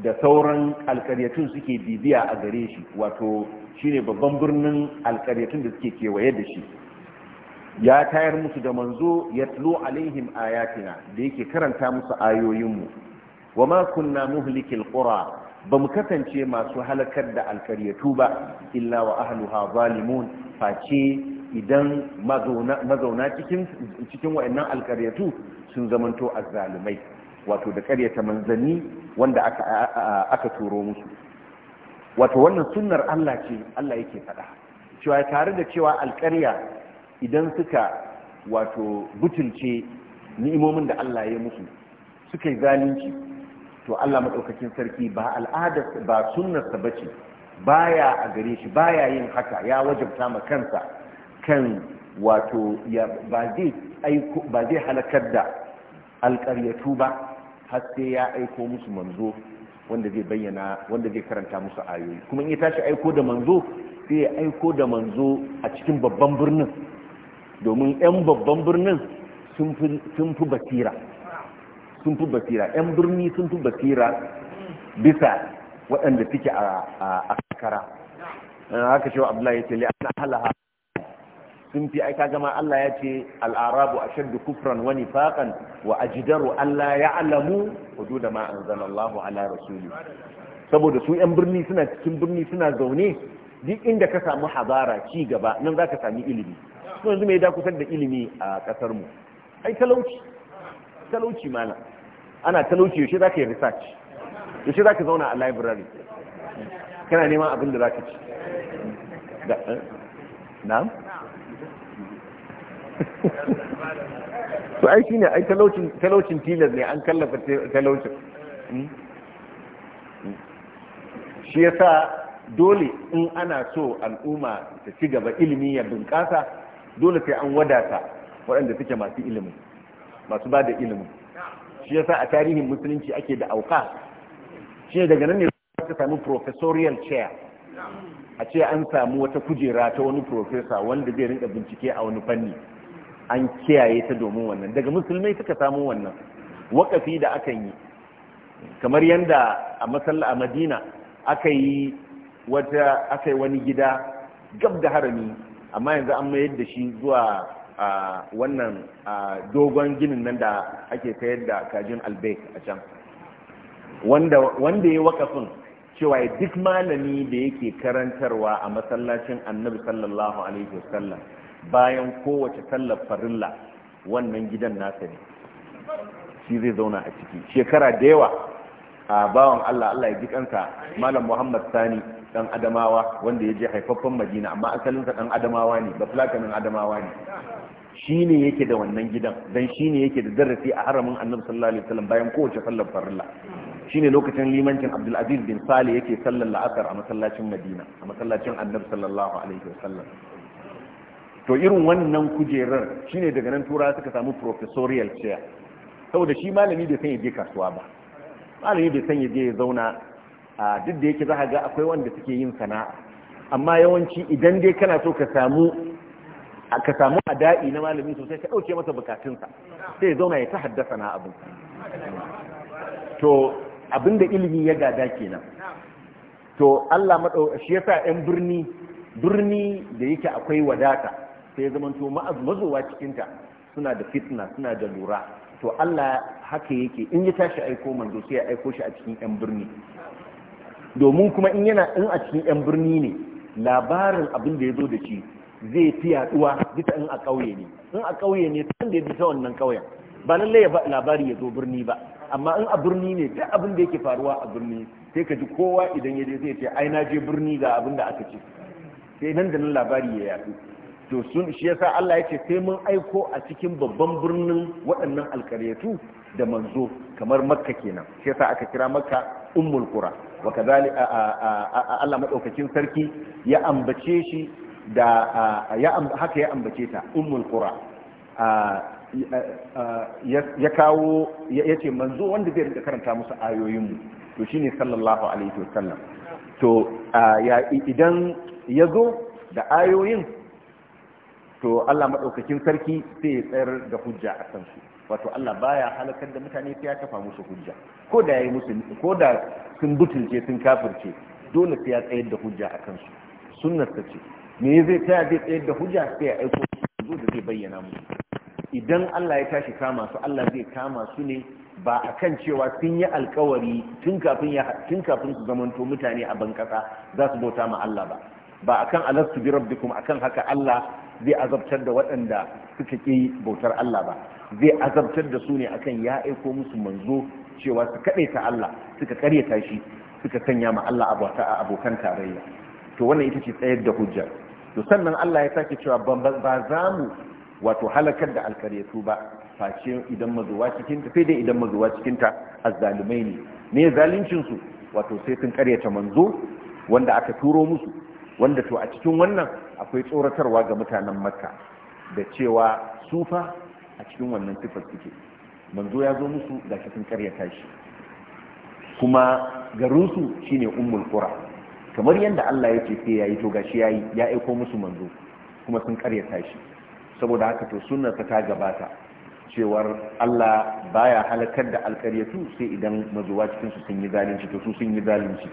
da sauran alkaryatun suke bibiya a gare shi wato shine babban birnin alkaryatun da suke kewaye da shi ya tayar musu da manzo ya tlo alaihim ayatina da yake karanta musu ayoyinmu wa ma kunna muhlikil qura ba mu kasance masu halakar da alkaryatu ba illa wa ahluha zalimun face idan mazauna cikin wa'annan alkaryatu sun zamanto azzalumai wato da karyata manzanni wanda aka turo musu wato wannan sunnar Allah ce Allah yake faɗa cewa tare da cewa alkarya idan suka wato butulce ni'imomin da Allah ya musu suka yi zalunci to Allah maɗaukakin sarki ba al'adar ba sunnarsa ba baya a gare shi baya yin haka ya wajabta ma kansa kan wato ba zai halakar da alkaryatu ba har sai ya aiko musu manzo wanda zai bayyana wanda zai karanta musu ayoyi kuma in ya tashi aiko da manzo sai ya aiko da manzo a cikin babban birnin domin 'yan babban birnin sun fi basira sun fi basira 'yan birni sun fi basira bisa waɗanda suke a kakara haka shi wa abu la ya ce li'an halaha sun fi aika gama Allah ya ce al'arabu a shaddu kufran wani faƙan wa ajidaru Allah ya alamu hudu da ma anzalallahu ala rasuli saboda su ‘yan birni suna cikin birni suna zaune duk inda ka samu habara ci gaba nan za ka sami ilimi sun yanzu mai dakusar da ilimi a ƙasarmu ai talauci talauci mana ana talauci yaushe za ka yi research yaushe za ka zauna a library kana neman abin da za ka ci eh? na'am to ai shine ai talaucin talaucin tilas ne an kallafa talaucin hmm? Hmm. shi yasa dole in ana so al'umma ta ci gaba ilimi ya bunƙasa dole sai an wadata waɗanda suke masu ilimi masu ba da ilimi shi yasa a tarihin musulunci ake da auka shi daga nan ne ka sami professorial chair a ce an samu wata kujera ta wani professor wanda zai rinka bincike a wani fanni an kiyaye ta domin wannan daga musulmai suka samu wannan wakafi da akan yi kamar yadda a masalla a madina aka yi wata aka yi wani gida gab da harami amma yanzu an mayar da shi zuwa wannan dogon ginin nan da ake sayar da kajin albek a can wanda ya wakafin cewa duk malami da yake karantarwa a masallacin annabi sallallahu alaihi wasallam bayan kowace sallar farilla wannan gidan nasa ne shi zai zauna a ciki shekara da yawa a bawan Allah Allah ya ji kansa malam Muhammad Sani dan Adamawa wanda ya je haifaffen Madina amma asalinsa dan Adamawa ne ba fulakanin Adamawa ne shi ne yake da wannan gidan don shi ne yake da darasi a haramin annabi sallallahu alaihi wasallam bayan kowace sallar farilla shi ne lokacin limancin abdulaziz bin sale yake sallar la'asar a masallacin madina a masallacin annabi sallallahu alaihi wasallam to irin wannan kujerar shine daga nan tura suka samu professorial chair saboda shi malami bai san je kasuwa ba malami bai san je ya zauna a duk da yake za ga akwai wanda suke yin sana'a amma yawanci idan dai kana so ka samu ka samu ada'i na malami sosai ka dauke masa bukatunsa sai ya zauna ya ta haddasa na abin to abinda ilimi ya gada kenan to Allah shi yasa yan birni birni da yake akwai wadata sai ya zamanto mazowa cikinta suna da fitna suna da lura to Allah haka yake in ya tashi aiko manzo sai ya aiko shi a cikin yan birni domin kuma in yana in a cikin yan birni ne labarin abin da ya zo da shi zai fi yaduwa duka in a ƙauye ne in a ƙauye ne san da ya bisa wannan ƙauyen ba lallai ya labari ya zo birni ba amma in a birni ne duk abin da yake faruwa a birni sai ka ji kowa idan ya je zai ce ai na je birni ga abin da aka ce sai nan da nan labari ya yadu to sun shi yasa Allah ya ce sai mun aiko a cikin babban birnin waɗannan alkaryatu da manzo kamar makka kenan shi yasa aka kira makka ummul qura wa kadhalika Allah madaukakin sarki ya ambace shi da ya haka ya ambace ta ummul qura ya kawo ya ce manzo wanda zai rinka karanta musu ayoyinmu to shine sallallahu alaihi wasallam to idan ya zo da ayoyin to Allah madaukakin sarki sai ya tsayar da hujja a kan su wato Allah baya halakar da mutane sai ya kafa musu hujja ko da yayi musu ko da sun butulce sun kafirce dole sai ya tsayar da hujja a kan su sunnar ta ce me zai tsaya zai tsayar da hujja sai ya aiko su da zai bayyana musu idan Allah ya tashi kama su Allah zai kama su ne ba a kan cewa sun yi alkawari tun kafin su zamanto mutane a bankasa za su bauta ma Allah ba ba akan alastu bi rabbikum akan haka Allah zai azabtar da waɗanda suka ƙi bautar Allah ba zai azabtar da su ne akan ya aiko musu manzo cewa su kaɗaita Allah suka karyata shi suka sanya ma Allah abota a abokan tarayya to wannan ita ce tsayar da hujja to sannan Allah ya sake cewa ba za mu wato halakar da alkaryatu ba face idan mazuwa cikin ta sai dai idan mazuwa cikin ta azzalumai ne me zalincin su wato sai sun karyata manzo wanda aka turo musu wanda to a cikin wannan akwai tsoratarwa ga mutanen makka da cewa sufa a cikin wannan tufa suke manzo ya zo musu da cikin karyata shi kuma garinsu shine ummul qura kamar yadda Allah ya ce sai yayi to gashi yayi ya aiko musu manzo kuma sun karyata shi saboda haka to sunna ta gabata cewar Allah baya halakar da alkaryatu sai idan mazuwa cikin su sun yi zalunci to su sun yi zalunci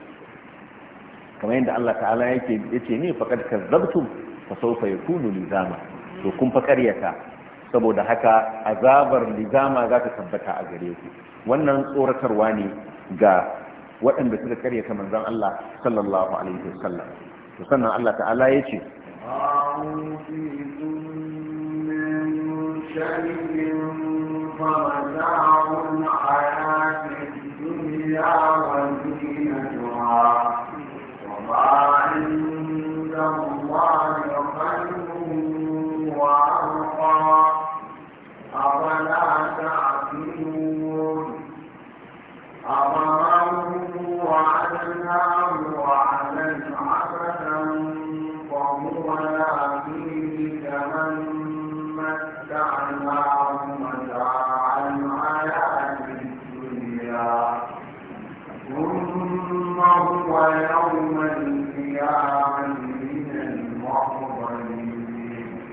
kamar yadda Allah ta'ala yake yace ni faqad kazzabtum fa sawfa yakunu lizama to kun fa ƙaryata saboda haka azabar lizama za ta tabbata a gare ku wannan tsoratarwa ne ga waɗanda suka ƙaryata manzon Allah sallallahu alaihi wasallam to sannan Allah ta'ala yace فمتاع الحياة الدنيا وزينتها وأرقى أفلا تعلم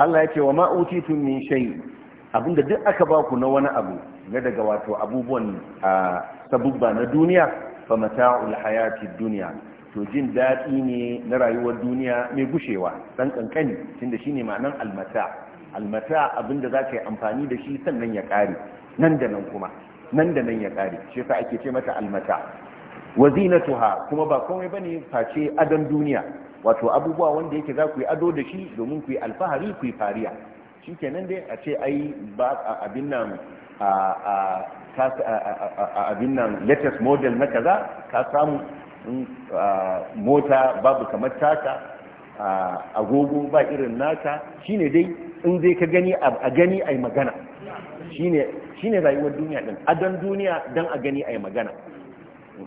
Allah ya ce wa tun min shai abinda duk aka ba ku na wani abu na daga wato abubuwan a sabubba na duniya fa mata'ul hayati duniya. to jin daɗi ne na rayuwar duniya mai gushewa tun da shi shine ma'anan almata almata abinda za ka yi amfani da shi sannan ya ƙare nan da nan kuma nan da nan ya ƙare shi yasa ake ce mata almata wazinatuha kuma ba komai bane face adon duniya wato abubuwa wanda yake za ku yi ado da shi domin ku yi alfahari ku yi fariya shi kenan dai a ce ai ba abin a abin nan latest model na kaza ka samu mm, mota babu kamar taka agogo ba irin naka shine dai in zai ka gani a gani ai magana shine rayuwar duniya din adon duniya don a gani ai magana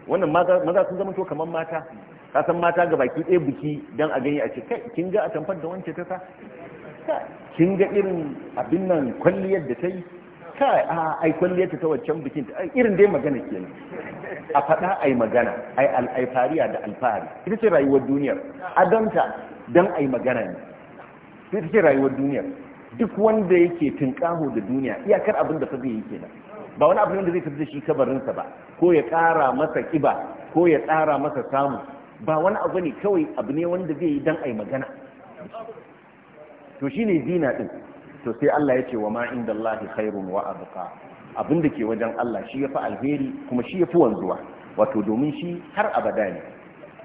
wannan maza sun zama to kamar mata ka san mata ga baki ɗaya buki don a gani a ce kai kin ga a tamfar da wance ta sa kin ga irin abin nan kwalliyar da ta yi kai a ai kwalliyar ta waccan bikin ta? irin dai magana kenan a faɗa ai magana ai alfariya da alfahari ita ce rayuwar duniyar adanta don ai magana ne ita ce rayuwar duniyar duk wanda yake tunƙaho da duniya iyakar abin da fa yake nan. ba wani abin da zai tafi da shi kabarinsa ba ko ya ƙara masa kiba ko ya ƙara masa samu ba wani abu ne kawai abu ne wanda zai yi dan ai magana to shine zina din to sai Allah ya ce wa ma inda Allah khairun wa abqa abin da ke wajen Allah shi yafi alheri kuma shi yafi wanzuwa wato domin shi har abada ne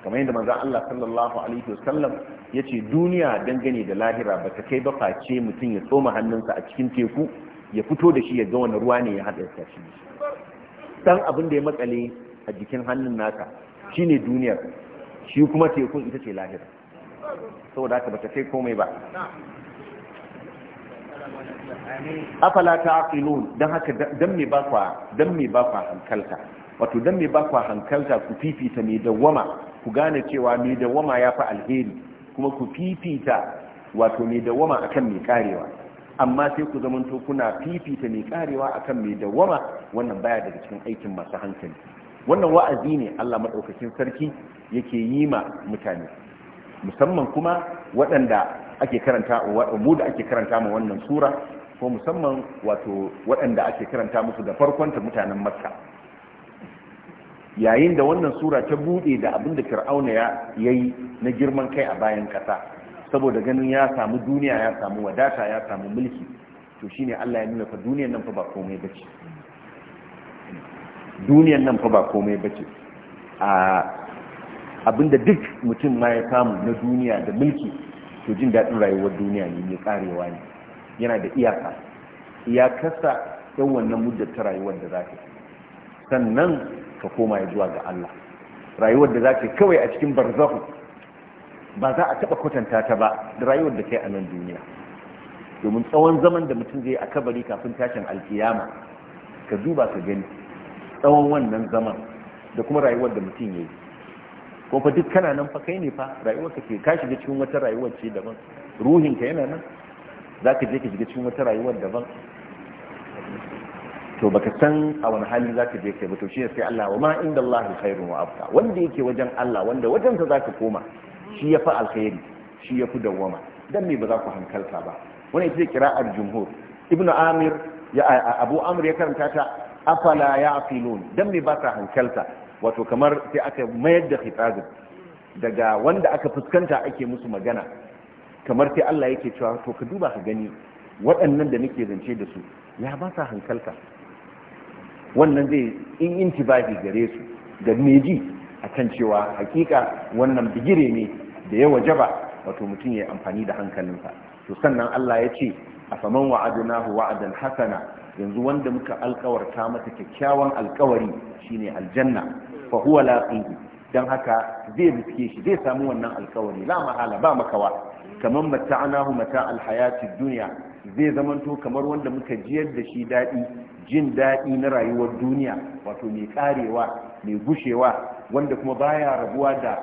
kamar yadda manzon Allah sallallahu alaihi wasallam yace duniya dangane da lahira ba ta kai ba face mutum ya tsoma hannunsa a cikin teku ya fito da shi ya ga wani ruwa ne ya haɗa ya shi dan abin da ya makale a jikin hannun naka shine duniyar shi kuma tekun ita ce lahira saboda haka bata kai komai ba afala ta dan haka dan me ba dan me ba hankalta wato dan me ba hankalta ku fifita me dawama ku gane cewa me dawama fa alheri kuma ku fifita wato me dawama akan me karewa amma sai ku zamanto kuna fifita me karewa akan me dawama wannan baya daga cikin aikin masu hankali wannan wa'azi ne Allah maɗaukakin sarki yake yi ma mutane musamman kuma waɗanda ake karanta mu da ake karanta ma wannan sura ko musamman wato waɗanda ake karanta musu da farkon ta mutanen makka yayin da wannan sura ta buɗe da abin da fir'auna ya yi na girman kai a bayan ƙasa saboda ganin ya samu duniya ya samu wadata ya samu mulki to shine Allah ya nuna fa duniyar nan fa ba komai bace duniyan nan fa ba komai bace a abinda duk mutum ma ya samu na duniya da mulki to jin daɗin rayuwar duniya ne mai karewa ne yana da iyaka iyakarsa yan wannan muddar ta rayuwar da za ka sannan ka koma ya zuwa ga Allah rayuwar da za ka kawai a cikin barzahu ba za a taɓa kwatanta ta ba da rayuwar da kai a nan duniya domin tsawon zaman da mutum zai a kabari kafin tashin alkiyama ka duba ka gani tsawon wannan zaman da kuma rayuwar da mutum ya yi ko fa duk kana nan fa kai ne fa rayuwar ka ke ka shiga cikin wata rayuwar ce daban ruhin ka yana nan za ka je ka shiga cikin wata rayuwar daban to baka san a wani hali za ka je kai ba to shi sai Allah wa ma inda Allah khairun wa abqa wanda yake wajen Allah wanda wajen za ka koma shi ya fa alkhairi shi ya fi dawwama dan me ba za ku hankalta ba wannan ita ce kira'ar jumhur ibnu amir ya abu amr ya karanta ta afala ya ya'qilun dan me ba ta hankalta wato kamar sai aka mayar da khitabin daga wanda aka fuskanta ake musu magana kamar sai Allah yake cewa to ka duba ka gani waɗannan da nake zance da su ya ba sa hankalta wannan zai in intibahi gare su da meji a kan cewa hakika wannan bigire ne da ya wajaba wato mutum ya yi amfani da hankalinsa to sannan Allah ya ce a faman wa'adunahu wa'adan hasana yanzu wanda muka alkawarta mata kyakkyawan alkawari shine aljanna fa huwa laqihi dan haka zai riske shi zai samu wannan alkawari la mahala ba makawa kamar mata'anahu mata alhayati dunya zai zamanto kamar wanda muka jiyar da shi dadi jin dadi na rayuwar duniya wato mai karewa mai gushewa wanda kuma baya rabuwa da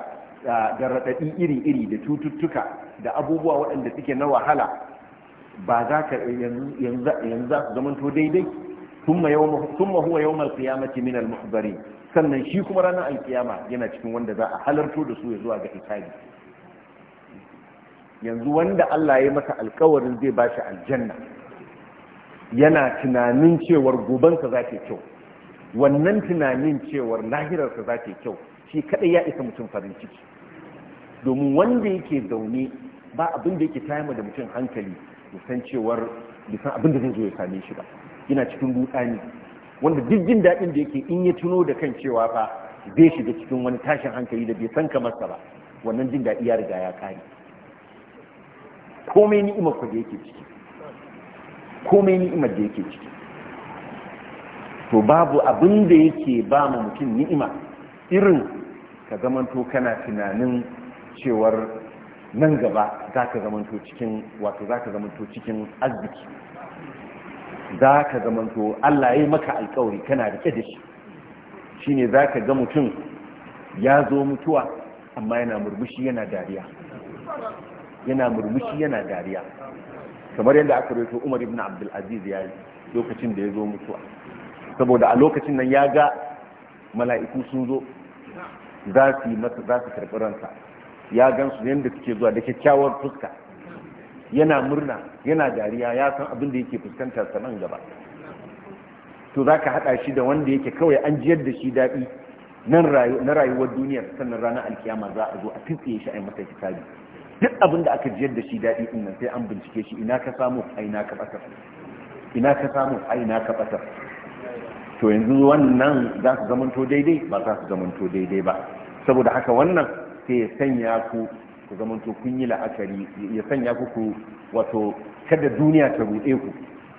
da raɗaɗi iri-iri da cututtuka da abubuwa waɗanda suke na wahala ba za ka yanzu zaman su zamanto daidai thumma huwa yawmal qiyamati min al sannan shi kuma ranar alkiyama yana cikin wanda za a halarto da su ya zuwa ga itabi yanzu wanda Allah ya yi masa alkawarin zai ba shi aljanna yana tunanin cewar gobansa za ke kyau wannan tunanin cewar lahirarsa za ke kyau shi kadai ya isa mutum farin ciki domin wanda yake zaune ba abin da yake tayama da mutum hankali san cewar bisan abin da zai zo ya same shi ba yana cikin rudani wanda duk jin daɗin da yake in ya tuno da kan cewa ba, zai shiga cikin wani tashin hankali da bai san kamar sa ba wannan jin daɗi ya riga ya kare komai ni'imar ku da yake ciki komai ni'imar da yake ciki to babu abin da yake ba mu mutum ni'ima irin ka zamanto kana tunanin cewar nan gaba za ka zamanto cikin wato za ka zamanto cikin arziki za ka zamanto Allah ya yi maka alkawari kana rike da shi shi ne za ka ga mutum ya zo mutuwa amma yana murmushi yana dariya yana murmushi yana dariya kamar yadda aka rito umar ibn abdulaziz ya yi lokacin da ya zo mutuwa saboda a lokacin nan ya ga mala'iku sun zo za su karɓi ransa ya gansu yadda suke zuwa da kyakkyawar fuska yana murna yana dariya ya san abin da yake fuskantar sanan gaba to za ka haɗa shi da wanda yake kawai an jiyar da shi daɗi na rayuwar duniyar sannan ranar alkiyama za a zo a tutsiye shi a yi masa hisabi duk abin da aka jiyar da shi daɗi din nan sai an bincike shi ina ka samu a ina ka ɓatar ina ka samu a ina ka ɓatar to yanzu wannan za su zamanto daidai ba za su zamanto daidai ba saboda haka wannan sai ya sanya ku ku zamanto kun yi la'akari ya sanya ku ku wato kada duniya ta ruɗe ku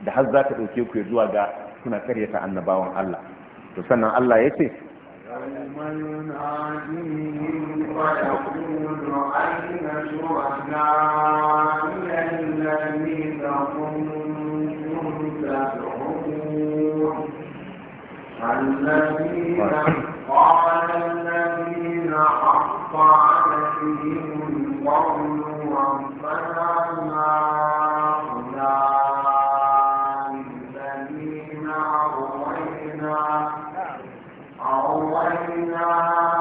da har za ta ɗauke ku ya zuwa ga kuna karyata annabawan Allah to sannan Allah ya ce Thank you. الذين طيب. قال الذين حق عليهم القول ربنا هؤلاء الذين أغوينا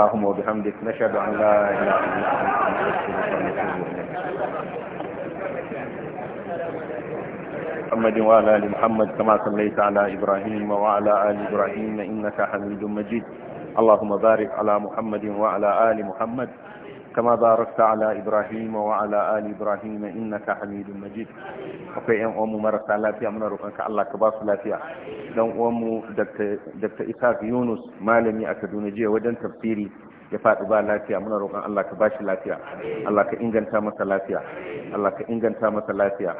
اللهم وبحمدك نشهد أن لا إله إلا أنت محمد وعلى آل محمد كما صليت على إبراهيم وعلى آل إبراهيم إنك حميد مجيد اللهم بارك على محمد وعلى آل محمد كما باركت على إبراهيم وعلى آل إبراهيم إنك حميد مجيد akwai yan uwanmu marasa lafiya muna roƙonka Allah ka ba su lafiya dan uwanmu Dr. Isaac Yunus malami a Kaduna jiya wajen tafsiri ya faɗi ba lafiya muna roƙon Allah ka bashi lafiya Allah ka inganta masa lafiya Allah ka inganta masa lafiya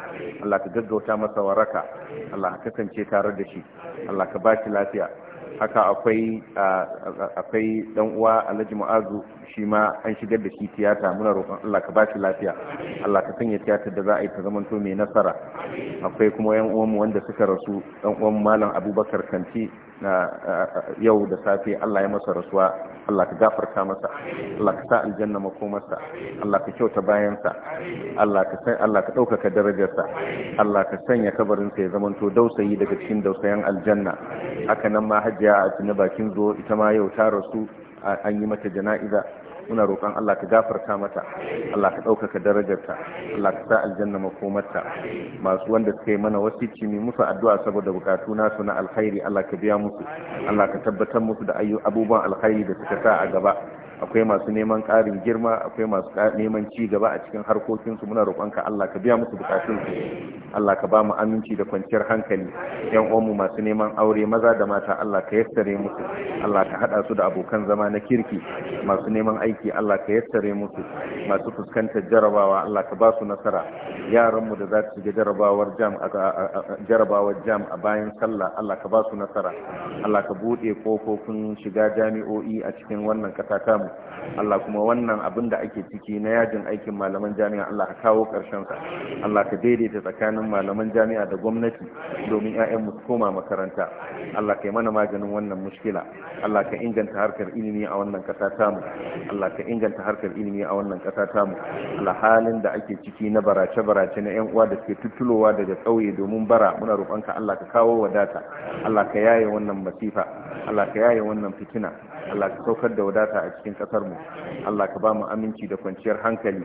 Allah ka gaggauta masa waraka Allah ka kasance tare da shi Allah ka bashi lafiya haka akwai akwai dan uwa Alhaji Mu'azu shi ma an shigar da shi tiyata muna roƙon Allah ka ba shi lafiya Allah ka sanya tiyatar da za a yi ta zamanto mai nasara akwai kuma yan uwanmu wanda suka rasu ɗan uwan malam Abubakar Kanti na yau da safe Allah ya masa rasuwa Allah ka gafarta masa Allah ka sa aljanna makomarsa Allah ka kyauta bayansa Allah ka ɗaukaka darajarsa Allah ka sanya kabarinsa ya zamanto dausayi daga cikin dausayan aljanna haka nan ma hajjiya a tuni bakin zo ita ma yau ta rasu an yi mata jana'iza muna roƙon Allah ka gafarta mata Allah ka ɗaukaka darajarta Allah ka sa aljanna makomarta masu wanda suka yi mana wasu mai musu addu'a saboda bukatu nasu na alkhairi Allah ka biya musu Allah ka tabbatar musu da abubuwan alkhairi da suka sa a gaba akwai masu neman ƙarin girma akwai masu neman ci gaba a cikin harkokinsu muna roƙonka Allah ka biya musu bukatunsu Allah ka ba mu aminci da kwanciyar hankali yan uwanmu masu neman aure maza da mata Allah ka yassare musu Allah ka haɗa su da abokan zama na kirki masu neman aiki Allah ka yassare musu masu fuskantar jarabawa Allah ka ba su nasara yaranmu da za su ga jarabawar jam jarabawar jam a bayan sallah Allah ka ba su nasara Allah ka buɗe kofofin shiga jami'o'i a cikin wannan kasa tamu Allah kuma wannan abin da ake ciki na yajin aikin malaman jami'a Allah ka kawo ƙarshen sa Allah ka daidaita tsakanin malaman jami'a da gwamnati domin ƴaƴan mu koma makaranta Allah ka yi mana maganin wannan mushkila Allah ka inganta harkar ilimi a wannan ƙasa tamu Allah ka inganta harkar ilimi a wannan ƙasa tamu Allah halin da ake ciki na barace barace na ƴan uwa da suke tuttulowa daga ƙauye domin bara muna roƙonka Allah ka kawo wadata Allah ka yaye wannan masifa Allah ka yaye wannan fitina Allah ka saukar da wadata a cikin kasar Allah ka ba mu aminci da kwanciyar hankali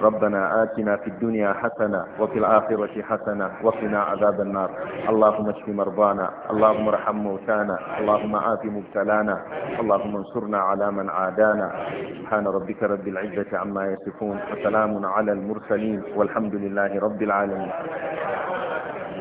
rabbana atina fid dunya hasana wa fil akhirati hasana wa qina azaban nar allahumma ishfi marbana allahumma arham mawtana allahumma afi mubtalana allahumma ansurna ala man adana subhana rabbika rabbil izzati amma yasifun wa salamun ala al mursalin walhamdulillahi rabbil alamin